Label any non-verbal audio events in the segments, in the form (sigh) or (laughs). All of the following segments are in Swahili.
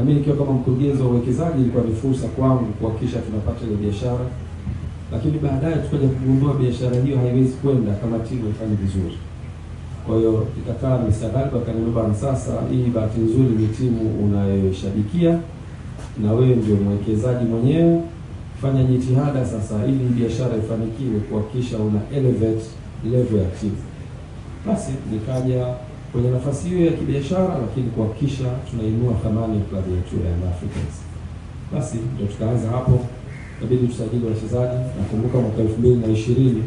na mimi nikiwa kama mkurugenzi wa uwekezaji, ilikuwa ni fursa kwangu kuhakikisha tunapata ile biashara, lakini baadaye tukaja kugundua biashara hiyo haiwezi kwenda kama timu haifanyi vizuri. Kwa hiyo ikakaa mstakabali, wakaniambia bwana, sasa hii bahati nzuri ni timu unayoshabikia na wewe ndio mwekezaji mwenyewe, fanya jitihada sasa ili biashara ifanikiwe, kuhakikisha una elevate level ya timu. Basi nikaja kwenye nafasi hiyo ya kibiashara, lakini kuhakikisha tunainua thamani ya klabu yetu ya Young Africans. Basi ndio tukaanza hapo, inabidi tusajili wachezaji. Nakumbuka mwaka elfu mbili na ishirini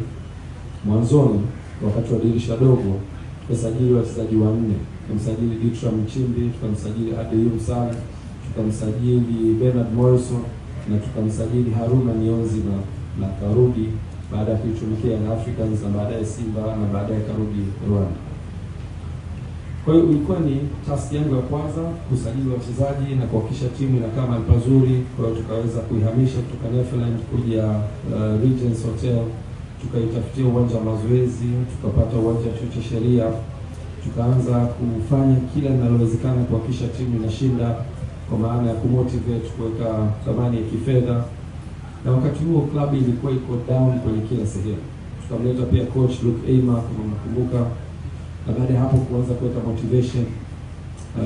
mwanzoni, wakati wa dirisha dogo, tukasajili wachezaji wanne. Tukamsajili Ditra Mchimbi, tukamsajili Adeyu Sala, tukamsajili Bernard Morrison na tukamsajili Haruna Niyonzima na karudi baada ya kuitumikia Young Africans na baadaye Simba na baadaye karudi Rwanda. Kwa hiyo ilikuwa ni task yangu ya kwanza kusajili wachezaji na kuhakikisha timu inakaa mahali pazuri. Kwa hiyo tukaweza kuihamisha kutoka Netherlands kuja uh, Regents Hotel, tukaitafutia uwanja wa mazoezi, tukapata uwanja wa chuo cha sheria, tukaanza kufanya kila linalowezekana kuhakikisha timu inashinda, kwa maana ya kumotivate, kuweka thamani ya kifedha, na wakati huo klabu ilikuwa iko down kwenye kila sehemu. Tukamleta pia coach Luke Eyma, kumkumbuka na baada ya hapo kuanza kuweka motivation. Uh,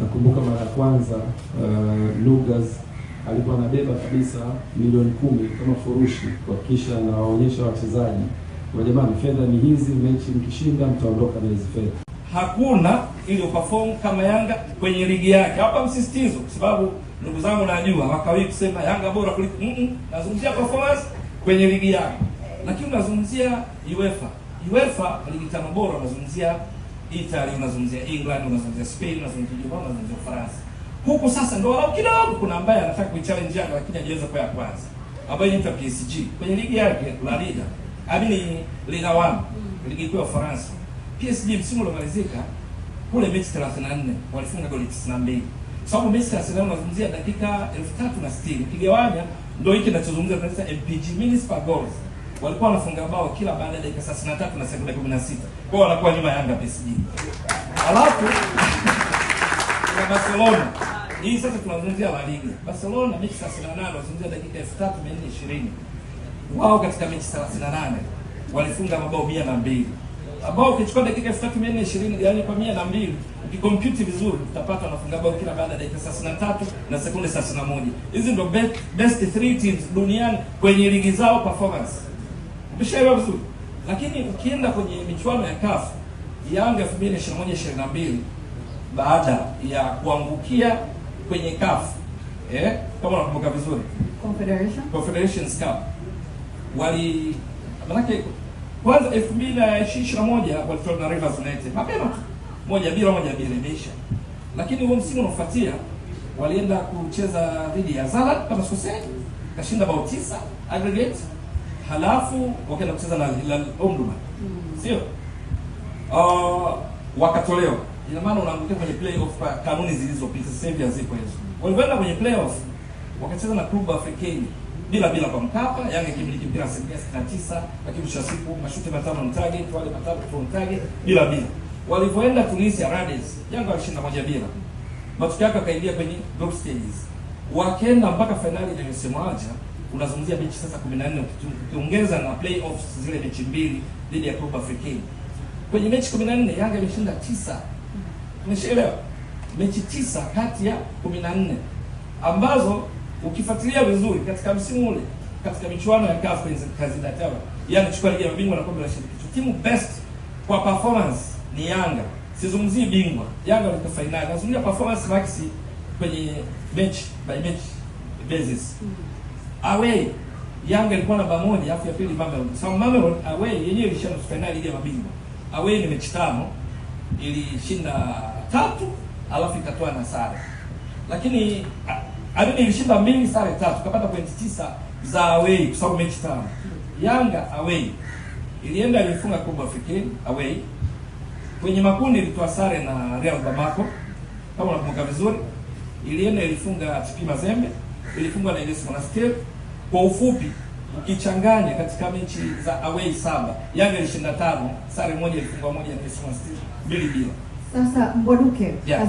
nakumbuka mara ya kwanza uh, Lugas alikuwa anabeba kabisa milioni kumi kama furushi kuhakikisha anawaonyesha wachezaji kwa jamani, fedha ni hizi, mechi mkishinda mtaondoka na hizi fedha. Hakuna ili uperform kama Yanga kwenye ligi yake. Hapa msisitizo, kwa sababu ndugu zangu najua wakawi kusema Yanga bora kuliko mm -mm, nazungumzia performance kwenye ligi yake, lakini unazungumzia UEFA UEFA ligi tano bora, unazungumzia Italy, unazungumzia England, unazungumzia Spain, unazungumzia Ujerumani, unazungumzia France. Huku sasa ndo wao kidogo kuna ambaye anataka kuichallenge Yanga lakini hajaweza kwa ya kwanza, ambaye ni PSG kwenye ligi yake La Liga, amini Liga 1, mm. ligi kuu ya Ufaransa. PSG msimu uliomalizika kule mechi 34 walifunga goli 92 sababu mechi ya Arsenal unazungumzia dakika 3060 kigawanya ndio hiki ninachozungumza tunaita MPG minutes per goals walikuwa wanafunga bao kila baada ya dakika 33 na sekunde 16, kwao wanakuwa nyuma Yanga PSG. Alafu (laughs) na Barcelona hii sasa tunazungumzia La Liga. Barcelona mechi 38 tunazungumzia dakika 3420. Wao katika mechi 38 walifunga mabao 102. Mabao ukichukua dakika 3420 yani kwa 102 ukikompute vizuri utapata wanafunga bao kila baada ya dakika 33 na sekunde 31. Hizi ndio best, best three teams duniani kwenye ligi zao performance. Tushaelewa vizuri. Lakini ukienda kwenye michuano ya CAF Yanga 2021 22 baada ya kuangukia kwenye CAF eh, kama unakumbuka vizuri Confederation Confederations Cup wali manake kwanza 2021 walitoa na Rivers United mapema tu moja bila moja bila imeisha, lakini huo msimu unafuatia walienda kucheza dhidi ya Zala kama sikosei, kashinda bao 9 aggregate halafu wakaenda kucheza la, la Omdurman mm. sio uh, wakatolewa. Ina maana unaangukia kwenye playoff kwa kanuni zilizopita, sasa hivi hazipo hizo. Walivyoenda kwenye playoff wakacheza na klubu Afrikeni bila bila kwa Mkapa, Yanga ikimiliki mpira asilimia 69, lakini mwisho wa siku mashuti matano on target, wale matatu on target bila bila. Walivyoenda Tunisia Rades, Yanga walishinda moja bila. Matokeo yake akaingia kwenye group stages. Wakaenda mpaka finali ya msimu moja unazungumzia mechi sasa 14 ukiongeza na playoffs zile mechi mbili dhidi ya Club Africain. Kwenye mechi 14 Yanga imeshinda tisa. Umeshaelewa? Mechi tisa kati ya 14 ambazo ukifuatilia vizuri katika msimu ule katika michuano ya CAF Queens Kazida Tower, Yanga chukua ligi ya mabingwa na kombe la shirikisho. Timu best kwa performance ni Yanga. Sizungumzii bingwa. Yanga walikuwa finali. Nazungumzia performance max kwenye mechi by mechi basis away Yanga ilikuwa namba moja, afu ya pili Mamelodi. Sasa Mamelodi away yenyewe ilishia nusu finali ile ya mabingwa. Away ni mechi tano, ilishinda tatu alafu ikatoa na sare. Lakini Arena ilishinda mbili sare tatu, kapata pointi tisa za away kwa sababu mechi tano. Yanga away ilienda ilifunga kubwa fikiri away. Kwenye makundi ilitoa sare na Real Bamako kama unakumbuka vizuri. Ilienda ilifunga tipi Mazembe ilifungwa na Ines Monastir. Kwa ufupi, ukichanganya katika mechi za away saba, Yanga ilishinda tano, sare moja, ilifungwa moja Ines Monastir, mbili bila. Sasa Mbwaduke yeah.